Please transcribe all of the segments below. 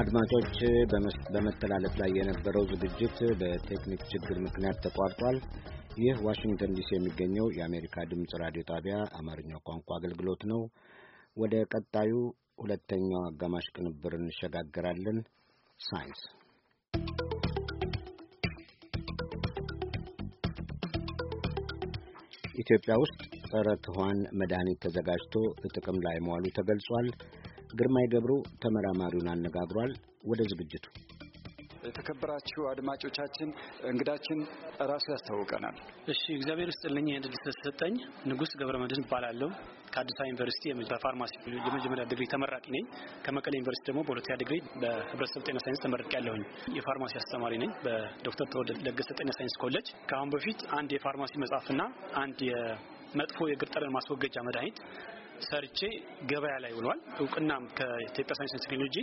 አድማጮች በመተላለፍ ላይ የነበረው ዝግጅት በቴክኒክ ችግር ምክንያት ተቋርጧል። ይህ ዋሽንግተን ዲሲ የሚገኘው የአሜሪካ ድምፅ ራዲዮ ጣቢያ አማርኛው ቋንቋ አገልግሎት ነው። ወደ ቀጣዩ ሁለተኛው አጋማሽ ቅንብር እንሸጋገራለን። ሳይንስ ኢትዮጵያ ውስጥ ጸረ ትኋን መድኃኒት ተዘጋጅቶ ጥቅም ላይ መዋሉ ተገልጿል። ግርማይ ገብሩ ተመራማሪውን አነጋግሯል። ወደ ዝግጅቱ የተከበራችሁ አድማጮቻችን፣ እንግዳችን ራሱ ያስታውቀናል። እሺ፣ እግዚአብሔር ይስጥልኝ ይህን እድል ስለተሰጠኝ። ንጉስ ገብረ መድህን እባላለሁ። ከአዲስ አበባ ዩኒቨርሲቲ በፋርማሲ የመጀመሪያ ዲግሪ ተመራቂ ነኝ። ከመቀሌ ዩኒቨርሲቲ ደግሞ በሁለተኛ ዲግሪ በህብረተሰብ ጤና ሳይንስ ተመርቄ ያለሁኝ። የፋርማሲ አስተማሪ ነኝ በዶክተር ተወልደ ለገሰ ጤና ሳይንስ ኮሌጅ። ከአሁን በፊት አንድ የፋርማሲ መጽሐፍና አንድ የመጥፎ የእግር ጠረን ማስወገጃ መድኃኒት ሰርቼ ገበያ ላይ ውሏል። እውቅናም ከኢትዮጵያ ሳይንስ ቴክኖሎጂ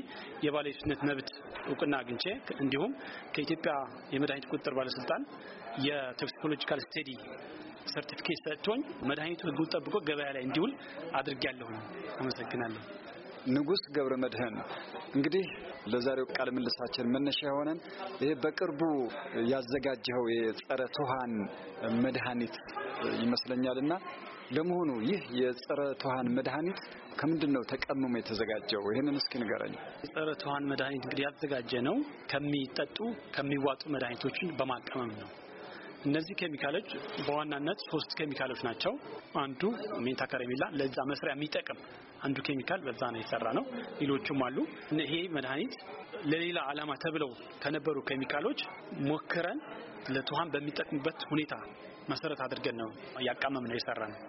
የባለቤትነት መብት እውቅና አግኝቼ እንዲሁም ከኢትዮጵያ የመድኃኒት ቁጥጥር ባለስልጣን የቶክሲኮሎጂካል ስቴዲ ሰርቲፊኬት ሰጥቶኝ መድኃኒቱ ህጉን ጠብቆ ገበያ ላይ እንዲውል አድርጌያለሁኝ። አመሰግናለሁ። ንጉስ ገብረ መድህን እንግዲህ ለዛሬው ቃለ ምልልሳችን መነሻ የሆነን ይሄ በቅርቡ ያዘጋጀኸው የጸረ ትኋን መድኃኒት ይመስለኛልና ለመሆኑ ይህ የጸረ ትኋን መድኃኒት ከምንድን ነው ተቀምሞ የተዘጋጀው? ይህንን እስኪ ንገረኝ። የጸረ ትኋን መድኃኒት እንግዲህ ያዘጋጀ ነው ከሚጠጡ ከሚዋጡ መድኃኒቶችን በማቀመም ነው። እነዚህ ኬሚካሎች በዋናነት ሶስት ኬሚካሎች ናቸው። አንዱ ሜንታ ከረሜላ ለዛ መስሪያ የሚጠቅም አንዱ ኬሚካል በዛ ነው የተሰራ ነው። ሌሎችም አሉ። ይሄ መድኃኒት ለሌላ ዓላማ ተብለው ከነበሩ ኬሚካሎች ሞክረን ለትኋን በሚጠቅሙበት ሁኔታ መሰረት አድርገን ነው ያቃመም ነው የሰራ ነው።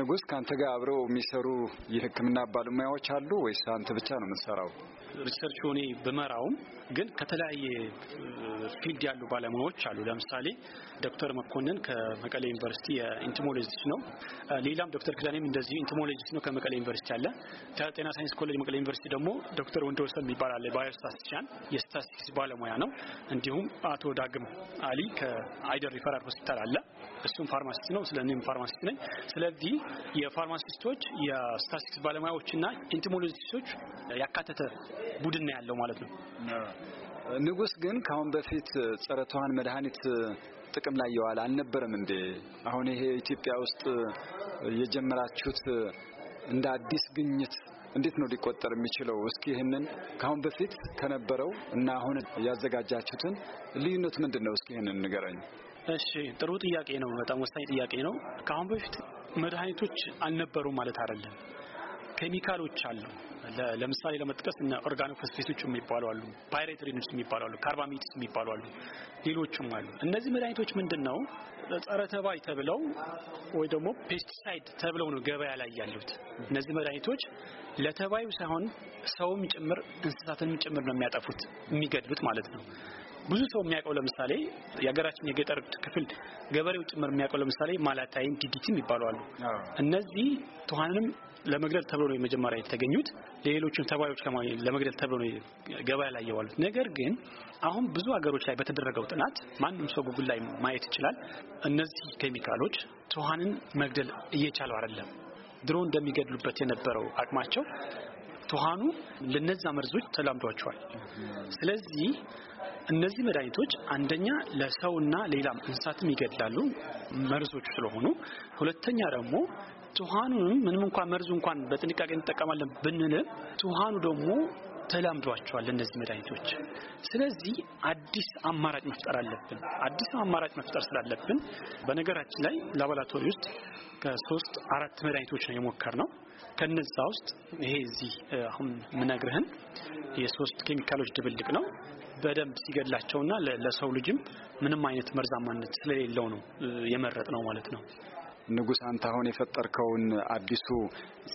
ንጉስ፣ ከአንተ ጋር አብረው የሚሰሩ የህክምና ባለሙያዎች አሉ ወይስ አንተ ብቻ ነው የምትሰራው? ሪሰርቹ እኔ ብመራውም ግን ከተለያየ ፊልድ ያሉ ባለሙያዎች አሉ። ለምሳሌ ዶክተር መኮንን ከመቀሌ ዩኒቨርሲቲ የኢንቲሞሎጂስት ነው። ሌላም ዶክተር ክዳኔም እንደዚሁ ኢንቲሞሎጂስት ነው ከመቀሌ ዩኒቨርሲቲ አለ። ከጤና ሳይንስ ኮሌጅ መቀሌ ዩኒቨርሲቲ ደግሞ ዶክተር ወንድወሰን የሚባል አለ። ባዮስታቲስቲሻን የስታቲስቲክስ ባለሙያ ነው። እንዲሁም አቶ ዳግም አሊ ከአይደር ሪፈራል ሆስፒታል አለ። እሱም ፋርማሲስት ነው። ስለ እኔም ፋርማሲስት ነኝ። ስለዚህ የፋርማሲስቶች የስታቲስቲክስ ባለሙያዎችና ኢንቲሞሎጂስቶች ያካተተ ቡድን ነው ያለው ማለት ነው። ንጉስ ግን ከአሁን በፊት ጸረ ትኋን መድኃኒት ጥቅም ላይ የዋለ አልነበረም እንዴ? አሁን ይሄ ኢትዮጵያ ውስጥ የጀመራችሁት እንደ አዲስ ግኝት እንዴት ነው ሊቆጠር የሚችለው? እስኪ ይህንን ከአሁን በፊት ከነበረው እና አሁን ያዘጋጃችሁትን ልዩነት ምንድን ነው? እስኪ ይህንን ንገረኝ። እሺ፣ ጥሩ ጥያቄ ነው። በጣም ወሳኝ ጥያቄ ነው። ከአሁን በፊት መድኃኒቶች አልነበሩ ማለት አይደለም። ኬሚካሎች አሉ። ለምሳሌ ለመጥቀስ እና ኦርጋኖፎስፌቶች የሚባሉ አሉ፣ ፓይሬትሪንስ የሚባሉ አሉ፣ ካርባሜትስ የሚባሉ አሉ፣ ሌሎችም አሉ። እነዚህ መድኃኒቶች ምንድነው ጸረ ተባይ ተብለው ወይ ደግሞ ፔስቲሳይድ ተብለው ነው ገበያ ላይ ያሉት። እነዚህ መድኃኒቶች ለተባዩ ሳይሆን ሰውም ጭምር እንስሳትንም ጭምር ነው የሚያጠፉት የሚገድሉት ማለት ነው። ብዙ ሰው የሚያውቀው ለምሳሌ የሀገራችን የገጠር ክፍል ገበሬው ጭምር የሚያውቀው ለምሳሌ ማላታይም ዲዲቲም ይባላሉ። እነዚህ ትኋንም ለመግደል ተብሎ ነው የመጀመሪያ የተገኙት። ሌሎችን ተባዮች ለመግደል ተብሎ ነው ገበያ ላይ የዋሉት። ነገር ግን አሁን ብዙ ሀገሮች ላይ በተደረገው ጥናት ማንም ሰው ጉግል ላይ ማየት ይችላል። እነዚህ ኬሚካሎች ትኋንን መግደል እየቻሉ አይደለም። ድሮ እንደሚገድሉበት የነበረው አቅማቸው ትኋኑ ለነዛ መርዞች ተላምዷቸዋል። ስለዚህ እነዚህ መድኃኒቶች አንደኛ ለሰውና ሌላም እንስሳትም ይገድላሉ መርዞች ስለሆኑ፣ ሁለተኛ ደግሞ ትኋኑንም ምንም እንኳን መርዙ እንኳን በጥንቃቄ እንጠቀማለን ብንልም ትኋኑ ደግሞ ተላምዷቸዋል እነዚህ መድኃኒቶች። ስለዚህ አዲስ አማራጭ መፍጠር አለብን። አዲስ አማራጭ መፍጠር ስላለብን በነገራችን ላይ ላቦራቶሪ ውስጥ ከሶስት አራት መድኃኒቶች ነው የሞከር ነው። ከነዛ ውስጥ ይሄ እዚህ አሁን ምነግርህን የሶስት ኬሚካሎች ድብልቅ ነው። በደንብ ሲገላቸውና ለሰው ልጅም ምንም አይነት መርዛማነት ስለሌለው ነው የመረጥ ነው ማለት ነው። ንጉሥ አንተ አሁን የፈጠርከውን አዲሱ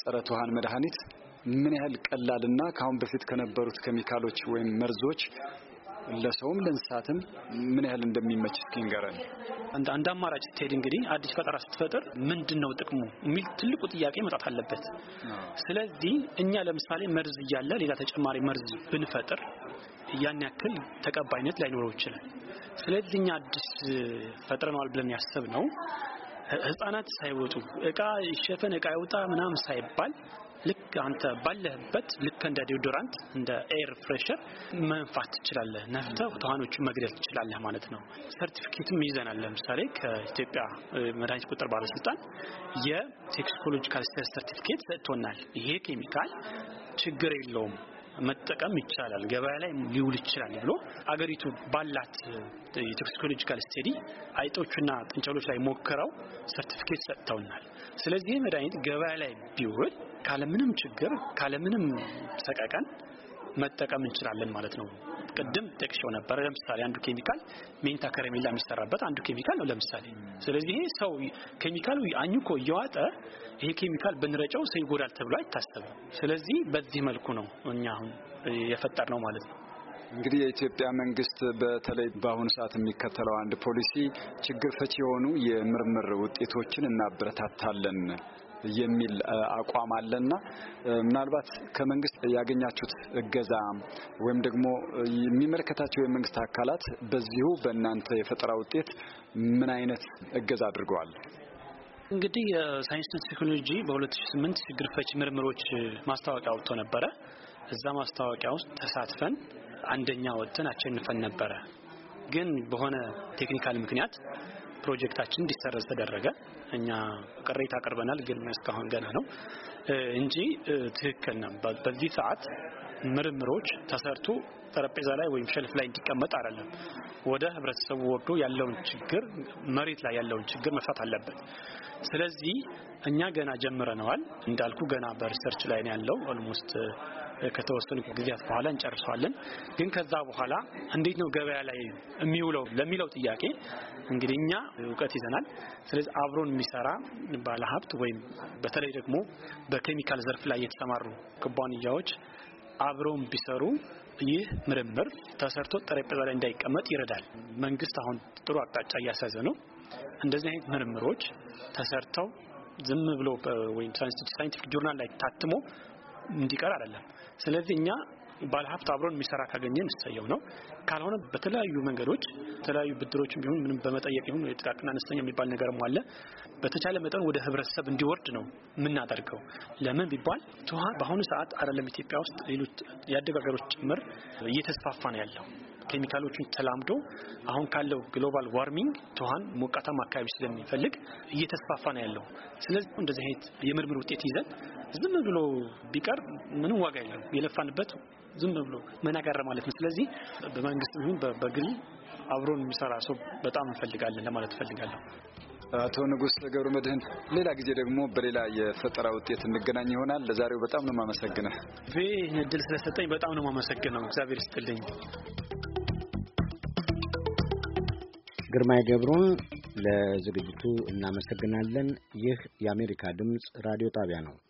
ጸረ ትኋን መድኃኒት ምን ያህል ቀላልና ከአሁን በፊት ከነበሩት ኬሚካሎች ወይም መርዞች ለሰውም ለእንስሳትም ምን ያህል እንደሚመች እስኪ ንገረን። አንድ አማራጭ ስትሄድ እንግዲህ አዲስ ፈጠራ ስትፈጥር ምንድን ነው ጥቅሙ የሚል ትልቁ ጥያቄ መጣት አለበት። ስለዚህ እኛ ለምሳሌ መርዝ እያለ ሌላ ተጨማሪ መርዝ ብንፈጥር ያን ያክል ተቀባይነት ላይኖረው ይችላል። ስለዚህ እኛ አዲስ ፈጥረነዋል ብለን ያሰብነው ህጻናት ሳይወጡ እቃ ይሸፈን እቃ ይውጣ ምናምን ሳይባል ልክ አንተ ባለህበት ልክ እንደ ዲዮዶራንት እንደ ኤር ፍሬሸር መንፋት ትችላለህ። ነፍተህ ተዋኖቹ መግደል ትችላለህ ማለት ነው። ሰርቲፊኬትም ይዘናል። ለምሳሌ ከኢትዮጵያ መድኃኒት ቁጥር ባለስልጣን የቶክሲኮሎጂካል ሰርቲፊኬት ሰጥቶናል። ይሄ ኬሚካል ችግር የለውም መጠቀም ይቻላል፣ ገበያ ላይ ሊውል ይችላል ብሎ አገሪቱ ባላት የቶክሲኮሎጂካል ስቴዲ አይጦቹና ጥንቸሎች ላይ ሞክረው ሰርቲፊኬት ሰጥተውናል። ስለዚህ መድኃኒት ገበያ ላይ ቢውል ካለምንም ችግር ካለምንም ሰቀቀን መጠቀም እንችላለን ማለት ነው። ቅድም ጠቅሼው ነበር። ለምሳሌ አንዱ ኬሚካል ሜንታ ከረሜላ የሚሰራበት አንዱ ኬሚካል ነው። ለምሳሌ ስለዚህ ይሄ ሰው ኬሚካሉ አኝኮ እየዋጠ ይሄ ኬሚካል ብንረጨው ሰው ይጎዳል ተብሎ አይታሰብም። ስለዚህ በዚህ መልኩ ነው እኛ አሁን የፈጠር ነው ማለት ነው። እንግዲህ የኢትዮጵያ መንግስት በተለይ በአሁኑ ሰዓት የሚከተለው አንድ ፖሊሲ ችግር ፈቺ የሆኑ የምርምር ውጤቶችን እናበረታታለን የሚል አቋም አለና ምናልባት ከመንግስት ያገኛችሁት እገዛ ወይም ደግሞ የሚመለከታቸው የመንግስት አካላት በዚሁ በእናንተ የፈጠራ ውጤት ምን አይነት እገዛ አድርገዋል? እንግዲህ የሳይንስና ቴክኖሎጂ በ2008 ችግር ፈች ምርምሮች ማስታወቂያ ወጥቶ ነበረ። እዛ ማስታወቂያ ውስጥ ተሳትፈን አንደኛ ወጥተን አሸንፈን ነበረ። ግን በሆነ ቴክኒካል ምክንያት ፕሮጀክታችን እንዲሰረዝ ተደረገ። እኛ ቅሬታ አቅርበናል፣ ግን እስካሁን ገና ነው እንጂ ትክክል ነው። በዚህ ሰዓት ምርምሮች ተሰርቶ ጠረጴዛ ላይ ወይም ሸልፍ ላይ እንዲቀመጥ አይደለም። ወደ ህብረተሰቡ ወርዶ ያለውን ችግር መሬት ላይ ያለውን ችግር መፍታት አለበት። ስለዚህ እኛ ገና ጀምረነዋል እንዳልኩ ገና በሪሰርች ላይ ነው ያለው ኦልሞስት ከተወሰኑ ጊዜያት በኋላ እንጨርሰዋለን። ግን ከዛ በኋላ እንዴት ነው ገበያ ላይ የሚውለው ለሚለው ጥያቄ እንግዲህ እኛ እውቀት ይዘናል። ስለዚህ አብሮን የሚሰራ ባለሀብት ወይም በተለይ ደግሞ በኬሚካል ዘርፍ ላይ የተሰማሩ ኩባንያዎች አብሮን ቢሰሩ ይህ ምርምር ተሰርቶ ጠረጴዛ ላይ እንዳይቀመጥ ይረዳል። መንግስት አሁን ጥሩ አቅጣጫ እያሳዘ ነው። እንደዚህ አይነት ምርምሮች ተሰርተው ዝም ብሎ ወይም ሳይንቲፊክ ጆርናል ላይ ታትሞ እንዲቀር አይደለም። ስለዚህ እኛ ባለሀብት አብሮን የሚሰራ ካገኘን እሰየው ነው። ካልሆነ በተለያዩ መንገዶች የተለያዩ ብድሮችም ቢሆን ምንም በመጠየቅ ይሁን የጥቃቅና አነስተኛ የሚባል ነገርም አለ። በተቻለ መጠን ወደ ህብረተሰብ እንዲወርድ ነው የምናደርገው። ለምን ቢባል በአሁኑ ሰዓት አይደለም ኢትዮጵያ ውስጥ ሌሎች ያደጉ ሀገሮች ጭምር እየተስፋፋ ነው ያለው። ኬሚካሎቹን ተላምዶ አሁን ካለው ግሎባል ዋርሚንግ ትሃን ሞቃታማ አካባቢ ስለሚፈልግ እየተስፋፋ ነው ያለው። ስለዚህ እንደዚህ አይነት የምርምር ውጤት ይዘን ዝም ብሎ ቢቀር ምንም ዋጋ የለም። የለፋንበት ዝም ብሎ መናጋር ማለት ነው። ስለዚህ በመንግስት ይሁን በግል አብሮን የሚሰራ ሰው በጣም እንፈልጋለን ለማለት እፈልጋለሁ። አቶ ንጉስ ገብረ መድህን፣ ሌላ ጊዜ ደግሞ በሌላ የፈጠራ ውጤት እንገናኝ ይሆናል። ለዛሬው በጣም ነው የማመሰግነው። ይህ እድል ስለሰጠኝ በጣም ነው የማመሰግነው። እግዚአብሔር ይስጥልኝ። ግርማይ ገብሩን ለዝግጅቱ እናመሰግናለን። ይህ የአሜሪካ ድምፅ ራዲዮ ጣቢያ ነው።